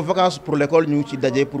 convocation pour l'école ñu ngi ci pour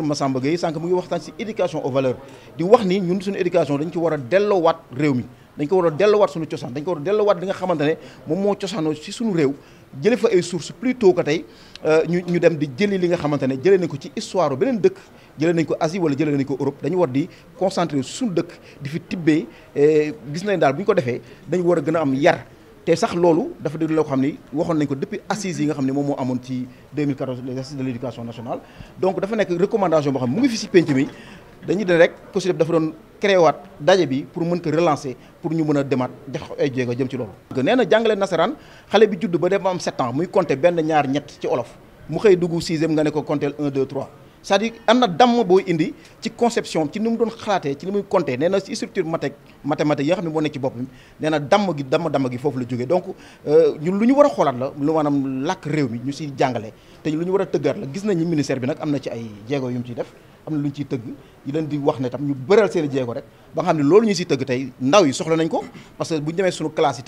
professeur Massamba Gueye sànq mu ngi waxtaan si éducation aux valeurs di wax ni ñun suñu éducation dañ ci war a delloowaat réew mi dañ ko war a delloowaat suñu cosaan dañ ko war a delloowaat li nga xamante ne moom moo cosaanoo si suñu réew jële fa ay sources plutôt que tey euh, ñu dem di jëli li nga xamante ne nañ ko ci histoire beneen dëkk jëlee nañ ko Asie wala jëlee nañ ko Europe dañu war di concentrer suñu dëkk di fi tibbee gis nañ daal bu ñu ko defee dañu war a gën am yar te sax lolu dafa déglu lo xamni waxon waxoon nañ ko depuis assise yi nga xamni mom mo amone ci 2014 les assises de l' nationale donc dafa nek recommandation bo xamni mu ngi fi ci penc mi dañuy def rek COSYDEP dafa don créer wat dajé bi pour mën ko relancer pour ñu mëna démat demaat def ay jéego jëm ci lolu nee na nasaran xalé bi judd ba dem am 7 ans muy compter ben ñaar ñett ci olof mu xey duggu 6 sixième nga ne ko compter 1 2 3 c'est-à-dire des structures une conception ci nous avons des sur ci nous avons des structure mathématique la donc euh, ñun qu'on doit war des structures la te a la gis nañu ministère bi des am ci ay nous, def nous, parce que nous, classe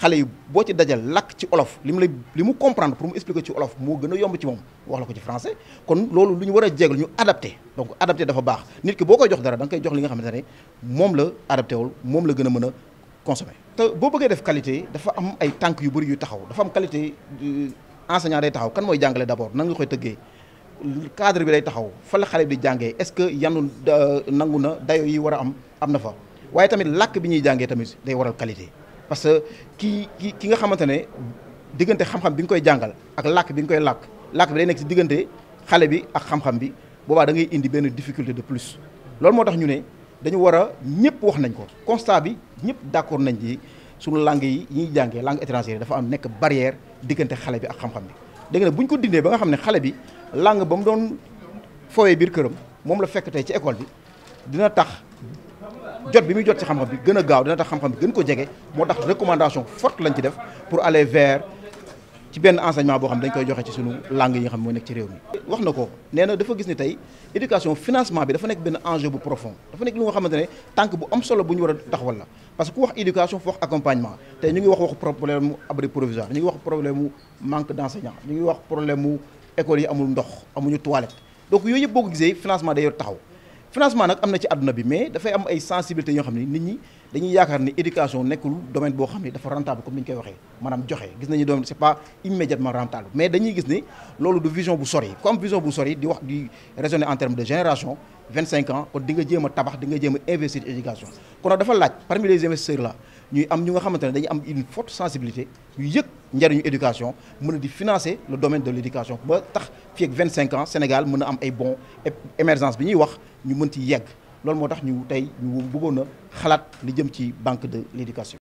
xalé yi boo ci dajal lak ci olof lim lay limu comprendre pour mu expliquer ci olof mo gën yomb ci mom wax la ko ci français kon lolu luñu wara war ñu adapter donc adapter dafa bax nit ki boo jox dara da koy jox li nga xamantene mom la adapter wol mom la gën mëna consommer te bo bëggee def qualité dafa am ay tank yu bari yu taxaw dafa am qualité euh, enseignant day taxaw kan moy jàngale d'abord nang nga koy tëggee cadre bi day taxaw fa la xalé bi di est ce que yanu euh, nanguna dayo yi wara am am na fa waye tamit lak bi ñuy jàngee tamit day waral qualité parce que ki ki ki nga xamantene digënté xam-xam bi ngui koy jangal ak lak bi ngui koy lak lak bi day nek ci digënté xalé bi ak xam-xam bi boba da ngay indi ben difficulté de plus lool motax ñu né dañu wara a ñëpp wax nañ ko constat bi ñëpp d'accord nañ ci suñu langue yi ñuy jangé langue étrangère dafa am nek barrière digënté xalé bi ak xam-xam bi dégg nga buñ ko dindé ba nga xamné ne bi langue bam doon fowee bir kërëm mom la fekk tay ci école bi dina tax jot bi muy jot ci xam-xam bi gën a gaaw dina tax xam-xam bi gën ko jege moo tax recommandation forte lañ ci def pour aller vers ci benn enseignement boo xam dañ koy joxe ci sunu langue yi nga xam moo nekk ci réew mi. wax na ko nee na dafa gis ni tey éducation financement bi dafa nekk benn enjeu bu profond dafa nekk lu nga xamante ne tànk bu am solo bu ñu war a taxawal la parce que ku wax éducation foo wax accompagnement tey ñu ngi wax waxu problème mu abri provisoire ñu ngi wax problème mu manque d' enseignant ñu ngi wax problème mu école yi amul ndox amuñu toilette donc yooyu yëpp boo ko gisee financement day yor taxaw financement nak amna ci aduna bi mais fay am ay sensibilité yo xamni nit ñi dañuy yaakaar ni éducation nekul domaine bo xamni dafa rentable comme ni ñu koy waxee maanaam gis nañu domaine c'est pas immédiatement rentable mais dañuy gis ni lolu du vision bu sori comme vision bu sori di wax di raisonner en termes de génération 25 ans kon di nga jema tabax di nga jema a investir éducation kon dafa laaj parmi les investisseurs là ñuy am ñu nga xamantene dañuy am une forte sensibilité ñu yek une éducation qui a financer le domaine de l'éducation. Si ba tax 25 ans Sénégal est a am bon émergence bi ñuy wax ñu mën ci yegg loolu banque de l'éducation.